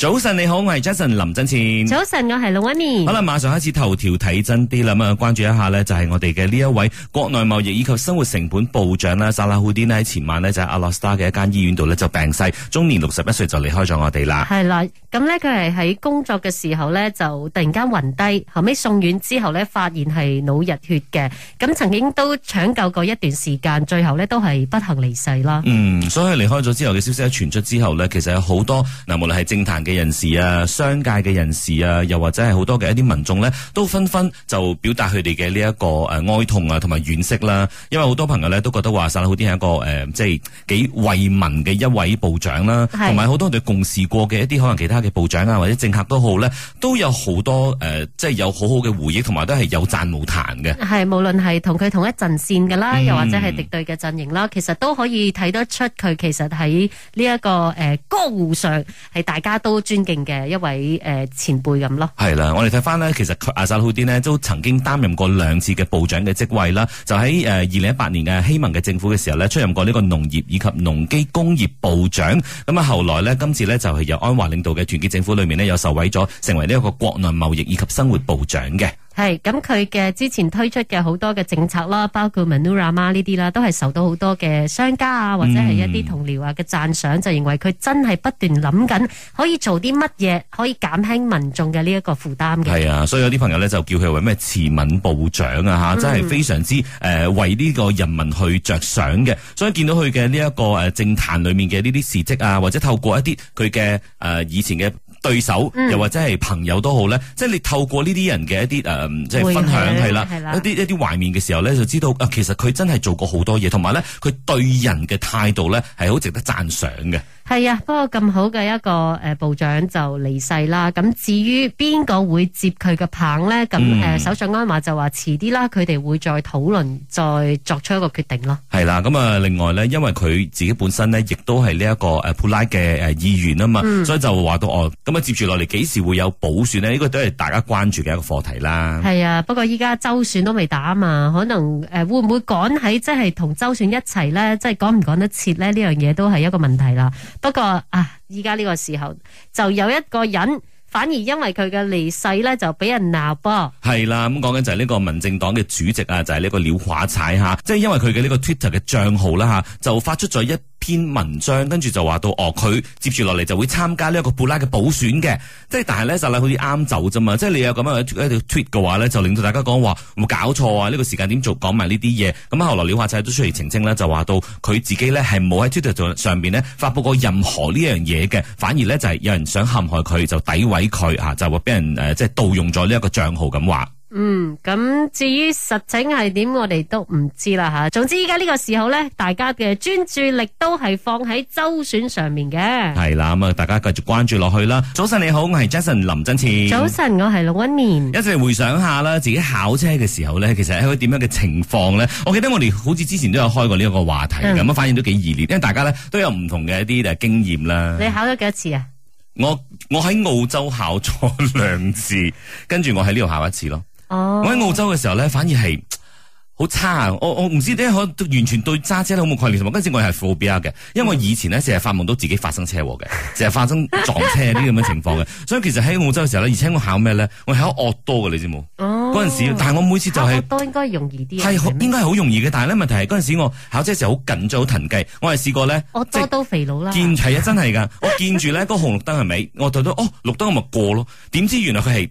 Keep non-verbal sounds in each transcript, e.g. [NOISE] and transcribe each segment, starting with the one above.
早晨你好，我係 Jason 林振前。早晨，我係龍威明。好啦，馬上開始頭條睇真啲啦，咁啊，關注一下咧，就係我哋嘅呢一位國內貿易以及生活成本部長啦。薩拉胡丁喺前晚咧就喺亞羅士打嘅一間醫院度咧就病逝，終年六十一歲就離開咗我哋啦。係啦，咁咧佢係喺工作嘅時候咧就突然間暈低，後尾送院之後咧發現係腦溢血嘅，咁曾經都搶救過一段時間，最後咧都係不幸離世啦。嗯，所以佢離開咗之後嘅消息一傳出之後咧，其實有好多嗱，無論係政壇嘅。嘅人士啊，商界嘅人士啊，又或者係好多嘅一啲民眾咧，都紛紛就表達佢哋嘅呢一個誒哀痛啊，同埋惋惜啦。因為好多朋友咧都覺得話曬啦，好啲係一個誒、呃、即係幾為民嘅一位部長啦，同埋好多我哋共事過嘅一啲可能其他嘅部長啊，或者政客都好咧，都有好多、呃就是、有好多誒即係有好好嘅回憶同埋都係有讚冇彈嘅。係無論係同佢同一陣線嘅啦，又或者係敵對嘅陣營啦，嗯、其實都可以睇得出佢其實喺呢一個誒江湖上係大家都尊敬嘅一位誒前輩咁咯，係啦， [NOISE] 我哋睇翻咧，其實阿薩盧丁呢都曾經擔任過兩次嘅部長嘅職位啦，就喺誒二零一八年嘅希文嘅政府嘅時候呢，出任過呢個農業以及農機工業部長，咁啊後來咧，今次呢就係由安華領導嘅團結政府裏面呢，又受委咗，成為呢一個國內貿易以及生活部長嘅。係咁，佢嘅之前推出嘅好多嘅政策啦，包括 Menu Rahmah 媽呢啲啦，都係受到好多嘅商家啊，或者係一啲同僚啊嘅讚賞，嗯、就認為佢真係不斷諗緊可以做啲乜嘢，可以減輕民眾嘅呢一個負擔嘅。係啊，所以有啲朋友咧就叫佢為咩慈敏部長啊嚇，啊嗯、真係非常之誒為呢個人民去着想嘅。所以見到佢嘅呢一個誒政壇裏面嘅呢啲事蹟啊，或者透過一啲佢嘅誒以前嘅。對手又或者係朋友都好咧，嗯、即係你透過呢啲人嘅一啲誒，即、呃、係、就是、分享係啦，一啲一啲懷念嘅時候咧，就知道啊、呃，其實佢真係做過好多嘢，同埋咧，佢對人嘅態度咧，係好值得讚賞嘅。係啊，不過咁好嘅一個誒部長就離世啦。咁至於邊個會接佢嘅棒咧？咁誒首相安華就話遲啲啦，佢哋會再討論，再作出一個決定咯。係啦，咁啊另外咧，因為佢自己本身咧，亦都係呢一個誒普拉嘅誒議員啊嘛，嗯、所以就話到哦，咁啊接住落嚟幾時會有補選呢？呢個都係大家關注嘅一個課題啦。係啊，不過依家周選都未打啊嘛，可能誒會唔會趕喺即係同周選一齊咧？即係趕唔趕得切咧？呢樣嘢都係一個問題啦。不過啊，依家呢個時候就有一個人反而因為佢嘅離世咧，就俾人鬧噃，係啦，咁講緊就係呢個民政黨嘅主席啊，就係呢個劉華才吓，即係因為佢嘅呢個 Twitter 嘅賬號啦吓，就發出咗一。篇文章跟住就話到，哦，佢接住落嚟就會參加呢一個布拉嘅補選嘅，即係但係咧就係好似啱走啫嘛，即係你有咁樣一條 tweet 嘅話咧，就令到大家講話冇搞錯啊，呢個時間點做講埋呢啲嘢？咁後來廖華仔都出嚟澄清啦，就話到佢自己咧係冇喺 Twitter 上邊咧發布過任何呢樣嘢嘅，反而咧就係有人想陷害佢就詆毀佢啊，就話俾人誒即係盜用咗呢一個賬號咁話。嗯，咁至於實情係點，我哋都唔知啦吓。總之依家呢個時候咧，大家嘅專注力都係放喺周選上面嘅。係啦，咁啊，大家繼續關注落去啦。早晨你好，我係 Jason 林振前。早晨，我係陸一年。一齊回想下啦，自己考車嘅時候咧，其實係一個點樣嘅情況咧？我記得我哋好似之前都有開過呢一個話題咁啊，嗯、反應都幾熱烈，因為大家咧都有唔同嘅一啲誒經驗啦。你考咗幾多次啊？我我喺澳洲考咗兩次，跟住 [LAUGHS] 我喺呢度考一次咯。Oh. 我喺澳洲嘅時候咧，反而係好差，我我唔知點解，我完全對揸車咧好冇概念，同埋，跟住我係 phobia 嘅，因為我以前咧成日發夢到自己發生車禍嘅，成日發生撞車啲咁嘅情況嘅， [LAUGHS] 所以其實喺澳洲嘅時候咧，而且我考咩咧，我考惡多嘅，你知冇？嗰陣、oh. 時，但係我每次就係、是、惡多應該容易啲，係應該係好容易嘅，但係咧問題係嗰陣時我考車嘅時候好緊張好騰雞，我係試過咧，我揸到肥佬啦，係啊，真係噶， [LAUGHS] 我見住咧個紅綠燈係咪？我睇到 [LAUGHS] 哦，綠燈我咪過咯，點知原來佢係。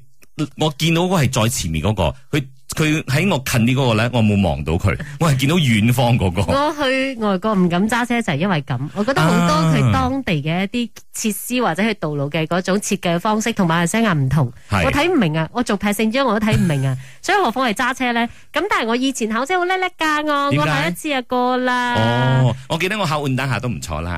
我見到個係再前面嗰個，佢。佢喺我近啲嗰個咧，我冇望到佢，我係見到遠方嗰個。我去外國唔敢揸車就係因為咁，我覺得好多佢當地嘅一啲設施或者佢道路嘅嗰種設計方式同埋馬來西亞唔同，我睇唔明啊！我做 passenger 我都睇唔明啊！所以何況係揸車咧？咁但係我以前考車好叻叻㗎，我我第一次就過啦。哦，我記得我考換檔下都唔錯啦。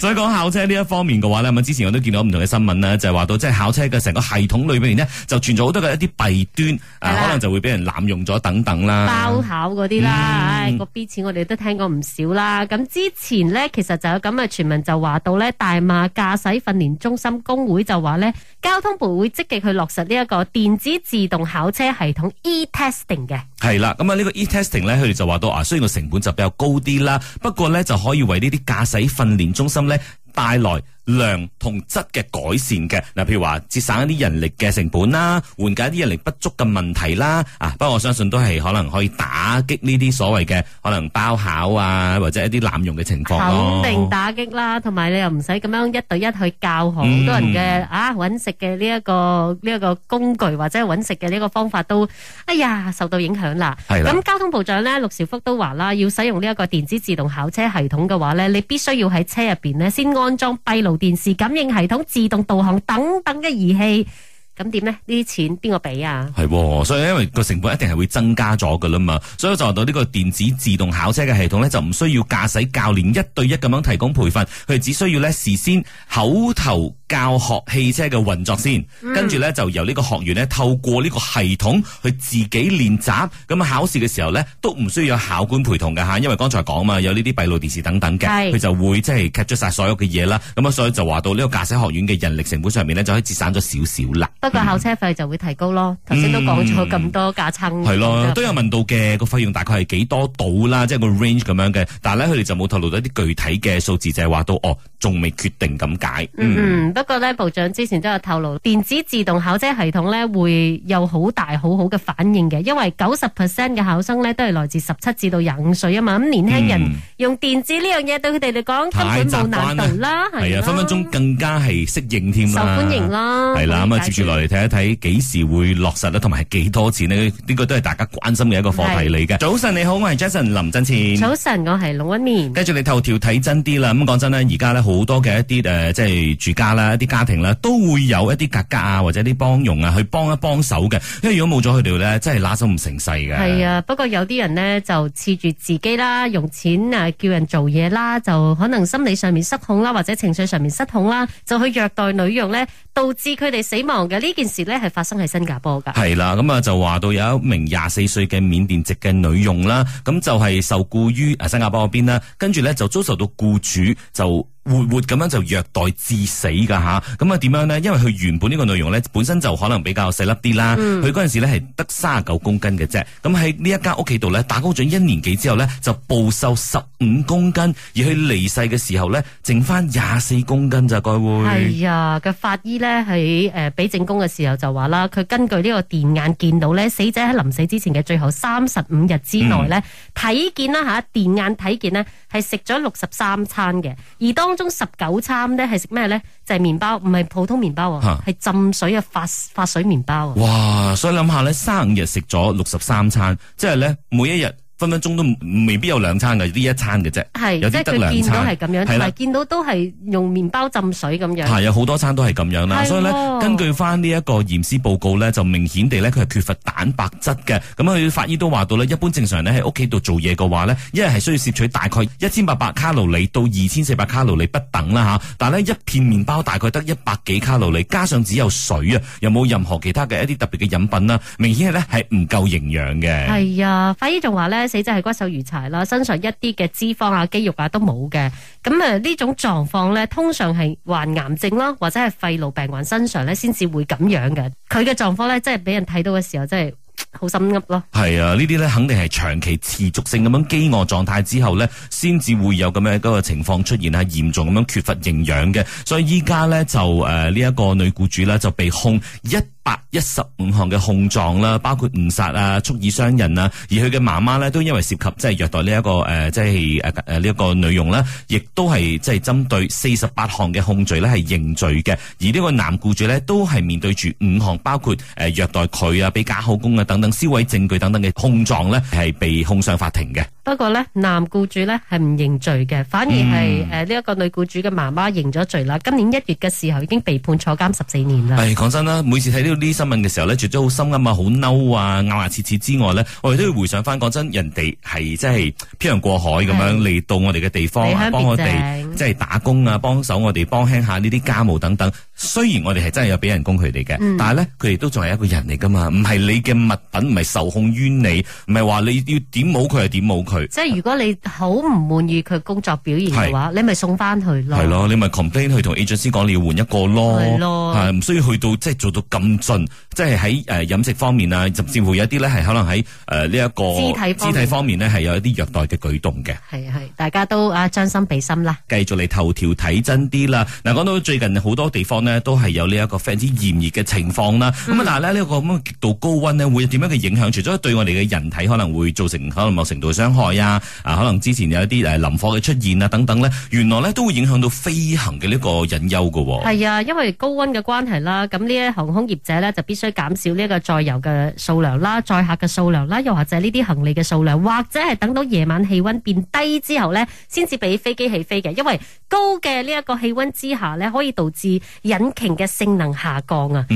所以講考車呢一方面嘅話咧，咁之前我都見到唔同嘅新聞咧，就係話到即係考車嘅成個系統裏邊咧，就存在好多嘅一啲弊端。啊，可能就會俾人濫用咗等等啦，包考嗰啲啦，個 B 錢我哋都聽過唔少啦。咁之前咧，其實就有咁嘅傳聞，就話到咧，大馬駕駛訓練中心工會就話咧，交通部會積極去落實呢一個電子自動考車系統 e testing 嘅。係啦，咁啊呢個 e testing 咧，佢哋就話到啊，雖然個成本就比較高啲啦，不過咧就可以為呢啲駕駛訓練中心咧帶來。量同質嘅改善嘅嗱，譬如話節省一啲人力嘅成本啦，緩解一啲人力不足嘅問題啦，啊，不過我相信都係可能可以打擊呢啲所謂嘅可能包考啊，或者一啲濫用嘅情況咯。肯定打擊啦，同埋你又唔使咁樣一對一去教好多人嘅。啊，揾食嘅呢一個呢一個工具或者係揾食嘅呢個方法都哎呀受到影響啦。咁交通部長咧陸兆福都話啦，要使用呢一個電子自動考車系統嘅話咧，你必須要喺車入邊咧先安裝閉路電視感應系統、自動導航等等嘅儀器。咁點呢？呢啲錢邊個俾啊？係，所以因為個成本一定係會增加咗噶啦嘛，所以就話到呢個電子自動考車嘅系統咧，就唔需要駕駛教練一對一咁樣提供培訓，佢只需要咧事先口頭教學汽車嘅運作先，跟住咧就由呢個學員呢透過呢個系統去自己練習，咁考試嘅時候呢，都唔需要有考官陪同嘅吓，因為剛才講嘛，有呢啲閉路電視等等嘅，佢是就會即係 cut 咗晒所有嘅嘢啦，咁啊所以就話到呢個駕駛學院嘅人力成本上面呢，就可以節省咗少少啦。不過考車費就會提高咯，頭先都講咗咁多架撐係咯，都有問到嘅個費用大概係幾多到啦，即係個 range 咁樣嘅，但係咧佢哋就冇透露到一啲具體嘅數字，就係話到哦，仲未決定咁解。嗯，不過咧部長之前都有透露，電子自動考車系統咧會有好大好好嘅反應嘅，因為九十 percent 嘅考生咧都係來自十七至到廿五歲啊嘛，咁年輕人用電子呢樣嘢對佢哋嚟講太習慣啦，根本冇難度啦，係啊，分分鐘更加係適應添，受歡迎啦，係啦，咁啊嚟睇一睇幾時會落實咧，同埋係幾多錢咧？呢個都係大家關心嘅一個課題嚟嘅。是早晨你好，我係 Jason 林振前。早晨，我係龍一面，跟住你頭條睇真啲啦。咁講真呢，而家呢好多嘅一啲誒、呃，即係住家啦，一啲家庭啦，都會有一啲格格啊，或者啲幫傭啊，去幫一幫手嘅。因為如果冇咗佢哋咧，真係拿手唔成勢嘅。係啊，不過有啲人呢，就恃住自己啦，用錢誒、啊、叫人做嘢啦，就可能心理上面失控啦，或者情緒上面失控啦，就去虐待女傭呢，導致佢哋死亡嘅。呢件事咧係發生喺新加坡噶，係啦，咁啊就話到有一名廿四歲嘅緬甸籍嘅女傭啦，咁就係受雇於啊新加坡嗰邊啦，跟住咧就遭受到雇主就。活活咁樣就虐待致死噶吓，咁啊點樣咧？因為佢原本呢個內容咧本身就可能比較細粒啲啦，佢嗰陣時咧係得三十九公斤嘅啫，咁喺呢一間屋企度咧打工咗一年幾之後咧就暴瘦十五公斤，而佢離世嘅時候咧剩翻廿四公斤就改會。係啊，個法醫咧喺誒俾證供嘅時候就話啦，佢根據呢個電眼見到咧，死者喺臨死之前嘅最後三十五日之內咧，睇見啦吓，電眼睇見咧係食咗六十三餐嘅，而當當中十九餐咧係食咩咧？就係、是、麵包，唔係普通麵包，係、啊、浸水嘅發發水麵包。哇！所以諗下咧，三五日食咗六十三餐，即係咧每一日，分分鐘都未必有兩餐嘅，呢一餐嘅啫，係即係佢見到係咁樣，同埋的見到都係用麵包浸水咁樣。係有好多餐都係咁樣啦。的所以咧，根據翻呢一個驗屍報告咧，就明顯地咧，佢係缺乏蛋白質嘅。咁佢法醫都話到咧，一般正常咧喺屋企度做嘢嘅話咧，一日係需要攝取大概一千八百卡路里到二千四百卡路里不等啦嚇。但係呢，一片麵包大概得一百幾卡路里，加上只有水啊，又冇任何其他嘅一啲特別嘅飲品啦，明顯係咧係唔夠營養嘅。係啊，法醫仲話咧。死者係骨瘦如柴，身上一啲嘅脂肪啊、肌肉啊都冇嘅，咁啊呢種狀況咧，通常係患癌症啦，或者係肺癆病患身上咧，先至會咁樣嘅。佢嘅狀況呢，真係俾人睇到嘅時候，真係。好心急咯，係 [MUSIC] 啊！呢啲咧肯定係長期持續性咁樣饑餓狀態之後咧，先至會有咁樣一個情況出現，啊嚴重咁樣缺乏營養嘅。所以依家咧就誒呢一個女僱主咧就被控一百一十五項嘅控狀啦，包括誤殺啊、蓄意傷人啊，而佢嘅媽媽咧都因為涉及即係虐待呢、這、一個誒、呃、即係誒誒呢一個女傭咧，亦都係即係針對四十八項嘅控罪咧係認罪嘅。而呢個男僱主咧都係面對住五項，包括誒、呃、虐待佢啊、俾假口供啊等。等銷毀證據等等嘅控狀咧，係被控上法庭嘅。不過咧，男僱主咧係唔認罪嘅，反而係誒呢一個女僱主嘅媽媽認咗罪啦。今年一月嘅時候已經被判坐監十四年啦。係講真啦，每次睇到呢啲新聞嘅時候咧，除咗好心噏啊，好嬲啊，咬牙切齒之外咧，我哋都要回想翻，講真，人哋係真係漂洋過海咁樣嚟到我哋嘅地方，幫我哋即係打工啊，幫手我哋幫輕下呢啲家務等等。雖然我哋係真係有俾人工佢哋嘅，但係咧佢哋都仲係一個人嚟噶嘛，唔係你嘅物品，唔係受控於你，唔係話你要點好佢就點好。即係如果你好唔滿意佢工作表現嘅話，是你咪送翻佢咯。係咯，你咪 complain 去同 agency 講，你要換一個咯。係咯的，係唔需要去到即係做到咁盡，即係喺誒飲食方面啊，甚、呃、至乎有啲咧係可能喺誒呢一個肢體方面咧係有一啲虐待嘅舉動嘅。係係，大家都啊將心比心啦。繼續嚟頭條睇真啲啦。嗱、呃，講到最近好多地方呢，都係有呢一個非常之炎熱嘅情況啦。咁啊但係呢、這個咁極度高溫咧會點樣嘅影響？除咗對我哋嘅人體可能會造成可能某程度嘅傷害。啊，啊可能之前有一啲誒林火嘅出現啊等等呢，原來呢都會影響到飛行嘅呢個隱憂噶。係啊，因為高温嘅關係啦，咁呢一航空業者呢，就必須減少呢一個載油嘅數量啦、載客嘅數量啦，又或者呢啲行李嘅數量，或者係等到夜晚氣温變低之後呢，先至俾飛機起飛嘅。因為高嘅呢一個氣温之下呢，可以導致引擎嘅性能下降啊，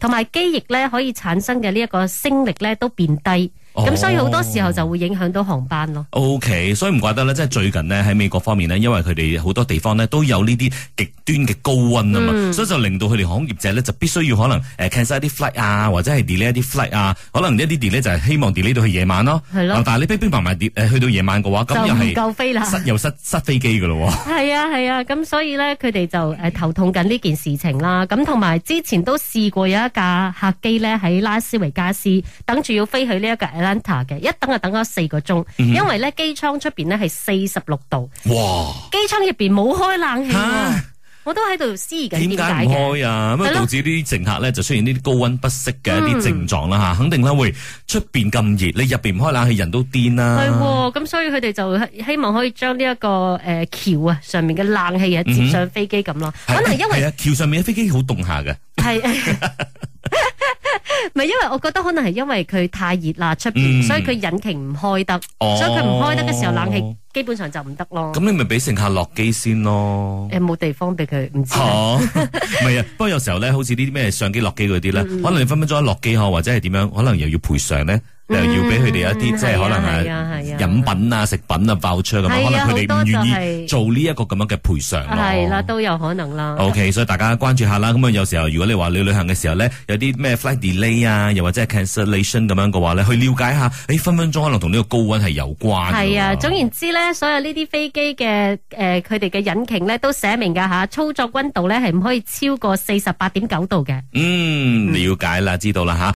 同埋機翼呢可以產生嘅呢一個升力呢都變低。咁所以好多時候就會影響到航班咯。OK，所以唔怪得咧，即係最近呢，喺美國方面呢，因為佢哋好多地方呢都有呢啲極端嘅高溫啊嘛，所以就令到佢哋航空業者呢就必須要可能誒 cancel 一啲 flight 啊，或者係 delay 一啲 flight 啊，可能一啲 delay 就係希望 delay 到去夜晚咯。但係你逼逼埋埋去到夜晚嘅話，咁又唔夠飛啦，失又失失飛機㗎咯喎。係啊係啊，咁所以呢，佢哋就誒頭痛緊呢件事情啦。咁同埋之前都試過有一架客機呢喺拉斯維加斯等住要飛去呢一架。嘅一等就等咗四個鐘，嗯、哼因為咧機艙出邊咧係四十六度，機艙入邊冇開冷氣啊，啊我都喺度諗緊點解唔開啊，咁啊導致啲乘客咧就出現呢啲高溫不適嘅一啲症狀啦吓，嗯、肯定啦，會出邊咁熱，你入邊唔開冷氣人都癲啦，係咁、哦、所以佢哋就希望可以將呢一個誒橋啊上面嘅冷氣啊接上飛機咁咯，嗯、哼可能因為橋、欸啊啊、上面嘅飛機好凍下嘅。 [LAUGHS] [LAUGHS] 唔係，因為我覺得可能係因為佢太熱啦出邊，面嗯、所以佢引擎唔開得，哦、所以佢唔開得嘅時候，冷氣基本上就唔得咯。咁你咪俾乘客落機先咯？誒，冇地方俾佢唔知。哦，唔係啊，不過有時候咧，好似呢啲咩相機落機嗰啲咧，嗯、可能你分分鐘落機呵，或者係點樣，可能又要賠償咧。又要俾佢哋一啲，嗯、即係可能係飲品啊、啊啊食品啊爆出咁。啊啊、可能佢哋唔願意做呢一個咁樣嘅賠償咯。係啦、啊，都有可能啦。OK，嗯、所以大家關注下啦。咁啊，有時候如果你話你旅行嘅時候咧，有啲咩 flight delay 啊，又或者係 cancellation 咁樣嘅話咧，去了解下，誒、哎，分分鐘可能同呢個高溫係有關。係啊，總言之咧，所有呢啲飛機嘅誒，佢哋嘅引擎咧都寫明噶吓，啊，操作溫度咧係唔可以超過四十八點九度嘅。嗯，了解啦，知道啦吓。